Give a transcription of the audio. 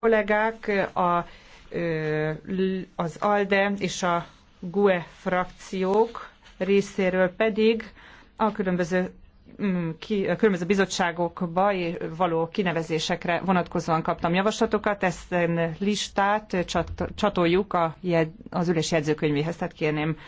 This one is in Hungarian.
kollégák, a, az ALDE és a GUE frakciók részéről pedig a különböző mm, ki, a különböző bizottságokba való kinevezésekre vonatkozóan kaptam javaslatokat, ezt listát csat, csatoljuk a, az ülés jegyzőkönyvéhez, tehát kérném